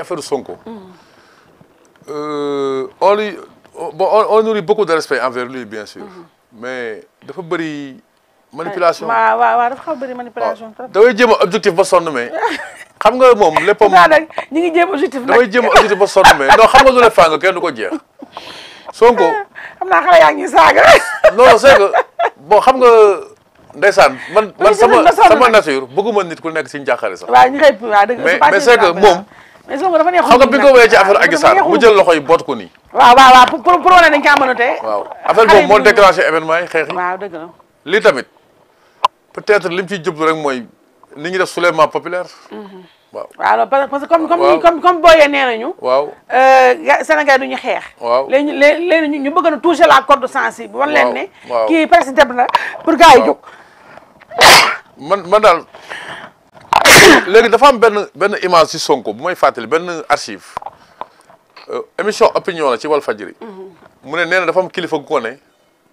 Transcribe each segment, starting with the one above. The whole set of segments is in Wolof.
affaire Sonko. on lui bon on nourrit beaucoup de respect envers lui bien sûr. mais mhm. dafa bëri manipulation. dafa a objectif ba xam nga moom léppam. naa ñu ngi a objectif ba sonn mais non xam nga lu ko jeex. Sonko xam naa xale yaa ngi saaga. xam nga. ndeysaan man man sama sama nature bëgguma nit ku nekk si njàqare sax. waaw mais mais que moom. mais Sonko dafa neexoon. xam nga bi nga ko wéyee mu jël loxo yi boot ko nii. waaw waaw pour pour wane dañ caa mën a tey. waaw affaire boobu moo déclenché événement yi xeex yi. waaw dëgg la. lii tamit peut-être li mu ci jublu rek mooy ni ñu def soulèvement populaire. Mm-hmm. waaw waaw parce que comme comme comme comme booyee nee nañu. waaw euh, Sénégal du ñu xeex. waaw léegi léegi ñu bëgg na toucher la de sensible. waaw waaw wan ne kii président la pour gars yi jóg. man man daal. léegi dafa am benn benn image ci Sonko bu may fàttali benn archive euh, émission opinion la ci Walfadjri mhm. mu ne nee na dafa am kilifa gu ko ne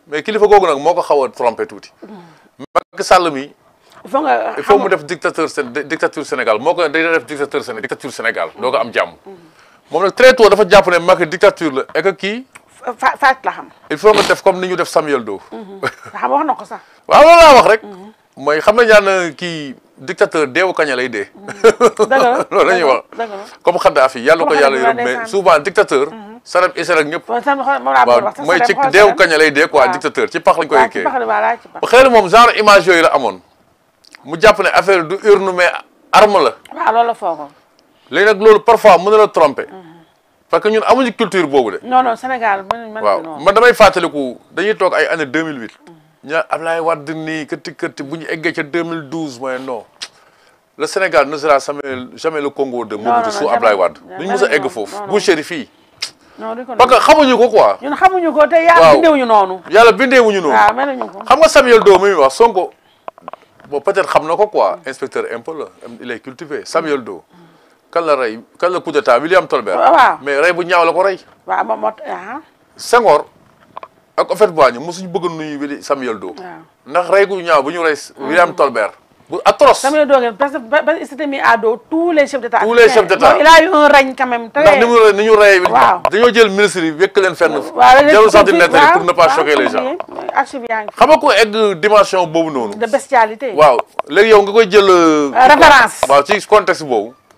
mais kilifa googu nag moo ko xaw a tuuti. Mhm. Macky Sall mi. il faut nga il faut mu def dictateur sén dictature Sénégal moo ko day def dictateur Sénégal dictature Sénégal doo ko am jàmm. Mhm. moom nag très dafa jàpp ne Macky dictature la et que kii. fa xam. il faut nga def comme ni ñu def Samuel Doe. xam wax na ko sax. waaw loolu laa wax rek. mooy xam nañ daan kii. dictateur deewu kaña lay dee. Mm. loolu la ñuy wax comme Kadhafi yàlla ko yàlla yërëm mais souvent dictateur. Mm-hmm. sarab isra ak ñëpp. waaw mooy ci deewu kaña lay dee quoi dictateur ci pax lañ koy kii. xëy na moom genre image yooyu la amoon mu jàpp ne affaire du urne mais arme la. waaw nag loolu parfois mën na la tromper. Mm-hmm. parce que ñun amuñu culture boobu de. waaw man damay fàttaliku dañuy toog ay année 2008. ñu naan Ablaye Wade nii këtti këtti bu ñu eggee ca 2012 mooy non le Sénégal ne sera jamais le Congo de Mobutu sous Ablaye Wade duñu mës a egg foofu Boucheri fii parce que ñu ko quoi ñun xamuñu ko te yàlla bindeewuñu noonu yàlla bindeewuñu noonu ah, xam nga Samuel Doe mi wax Sonko bon peut-être xam na ko quoi inspecteur impôt la il est cultivé Samuel Doe kan la rey kan la coup d'état William Tolbert mais rey bu ñaaw la ko rey waaw ah. Senghor ak Houphouët-Boigny mosuñu bëgg a nuyu Willy Samuel Doe. ndax rey gu ñaaw bu ñu rey. Ah. William Tolbert bu atroce. Samuel Doe que ba c'était mis à dos tous les chefs d'État. tous les chefs d'État il a eu un règne quand ni ñu reyee. dañoo jël ministre yi wékk leen fenn. jarul sax di nettali pour ne pas choquer les gens. archive yaa ngi xam nga egg dimension boobu noonu. waaw léegi yow nga koy jël. Euh, référence waaw ci contexte boobu.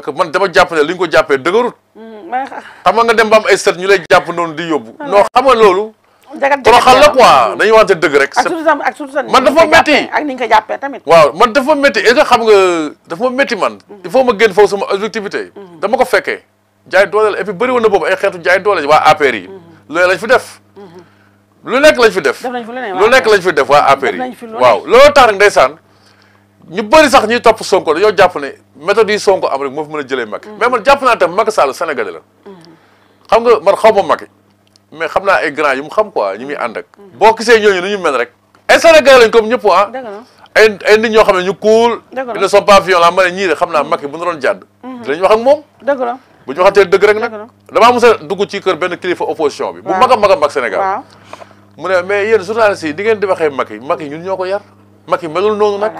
parce que man dama jàpp ne li ñu ko jàppee dëgërut. Mm, xam nga dem ba am ay sët ñu lay jàpp noonu di yóbbu. non xam nga loolu. toroxal la quoi dañuy waxante dëgg rek. ak surtout man dafa métti ak ko jàppee tamit. waaw man dafa métti et que xam nga dafa metti man. Mm-hmm. il faut ma génn foofu sama objectivité. Mm-hmm. dama ko fekkee jaay doole la et na boobu ay xeetu jaay doole waa APR yi. Mm-hmm. loolu lañ fi def. lu fi def. def nañ nekk lañ fi def waa APR yi. waaw looloo tax nag ndeysaan ñu bëri sax ñuy topp Sonko dañoo jàpp ne méthode yi Sonko am rek moo fi mën a jëlee Macky mm. mais man jàpp naa tam Macky la mm. xam nga man xaw ma Macky mais xam naa ay grand yu mu xam quoi ñu muy ànd ak mm. boo gisee ñooñu nu ñu mel rek ay sénégalais lañ comme ñëpp ah ñoo xam ne ñu cool ils ne sont pas violents ma ne ñii de xam naa Macky bu ñu doon mm-hmm. wax ak moom dëgg bu ñu waxantee dëgg rek nag damaa mos dugg ci kër benn kilifa opposition bi bu mag a mag a mag Sénégal mu ne mais yéen journalistes yi di ngeen di waxee Macky Macky ñun ñoo ko yar Macky melul noonu nag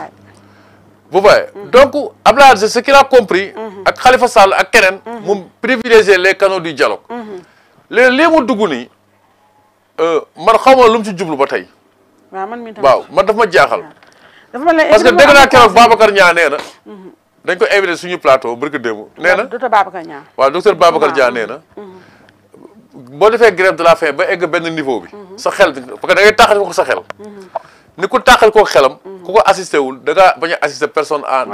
vous voyez mm-hmm. donc Abdoulaye Wade ce qu'il a compris mm-hmm. ak Khalifa Sall ak keneen mm-hmm. mu privilégier les canaux di dialogue léegi lii mu dugg nii euh, man xaw ma lu mu ci jublu ba tey waaw man mii waaw man dafa ma jaaxal parce que dégg naa keroog Babacar Niang nee na dañ ko invité suñu plateau barki démb nee na docteur Babacar Niang waaw docteur Babacar Niang nee na boo defee grève de la faim ba egg benn niveau bi sa xel parce que da ngay taxal ko sa xel ni ku tàqal koo xelam. ku ko assisté wul da ngaa bañ a assister personne en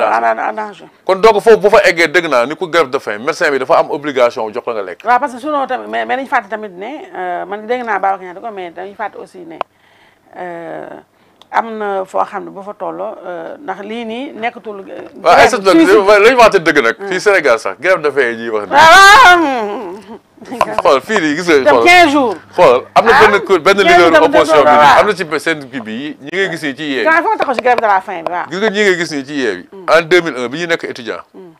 danger. kon donc foofu bu fa eggee dégg naa ni ku grève de faim médecin bi dafa am obligation jox la nga lekk. waaw parce que sinon tamit mais mais dañu fàtte tamit ne euh, man dégg naa Babacar Niang ko mais dañu fàtte aussi ne euh, am na foo xam ne boo fa tolloo euh, ndax lii nii nekkatul. grève waaw ay sëñ dëgg nag. Hmm. fii Sénégal sax grève de faim yi ñuy wax. Ah, xool fii nii gis nga xool 15 am na benn ah. benn leader opposition bi am na ci seen kii bi ñi ngay gis nii ci yeewi gis nga ñi ngay gis nii ci hmm. bi ñu nekk étudiant hmm.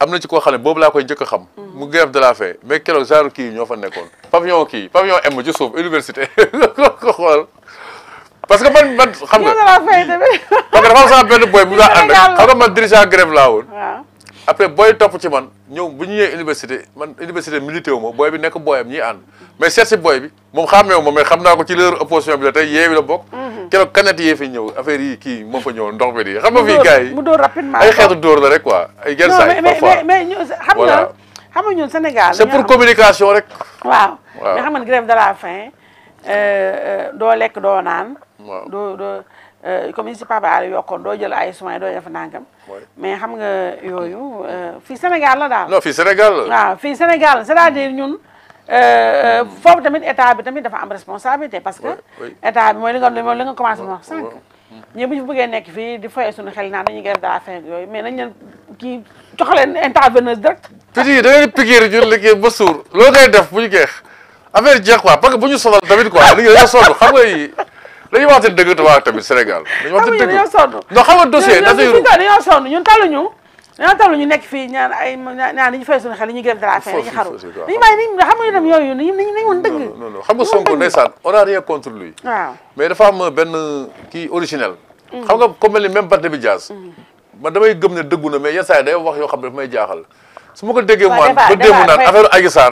am na ci koo xam boobu laa koy njëkk a xam hmm. mu grève de la faim mais keroog genre kii ñoo fa nekkoon pavillon kii pavillon M ci suuf université ko xool parce que man man xam nga parce que dafa benn boy bu daa ànd xam nga man dirigeant grève laa après booy topp ci man ñëw bu ñu ñëwee université man université militaire wu booy bi nekk booyam ñiy ànd mais seet si booy bi moom xàmmeewu ma mais xam naa ko ci leer opposition bi la tey yeewi la bokk mhm. keroog kanet yee fi ñëw affaire yi kii moo fa ñëw ndox bi di xam nga fii gars yi mu dóor rapidement ay xeetu dóor la rek quoi ay genn saay parfois mais ñu xam nga xam nga pour communication rek waaw mais xam nga grève de la faim euh, euh, doo lekk doo naan doo doo Euh, comme ni si Papa Aliou yokkoon mais xam nga yooyu euh, fii Sénégal la daal. non fii Sénégal la. waaw fii Sénégal c'est-à-dire ñun euh, foofu tamit état bi tamit parce que état bi mooy li nga li bu ñu bëggee nekk fii di foyee suñu xel naan dañuy gërëm daal affaire yooyu mais nañ leen kii jox leen interveneuse direct. piti da ngeen di piqué ñun liggéey ba suur loolu ngay def bu ñu geex affaire jeex quoi parce que bu ñu sonal tamit quoi li ngeen di sonal xam nga dañuy wax seen dëgg tubaab tamit Sénégal. dañuy wax seen dëgg dañoo sonn. non xam nga dossier dañuy dañoo sonn ñun taluñu. dañoo toll nga dëgg nga Sonko ndeysaan a mais dafa am mm. mm. day wax yoo xam ne daf may jaaxal su ma ko déggee maan ba démb naan affaire Adji Sarr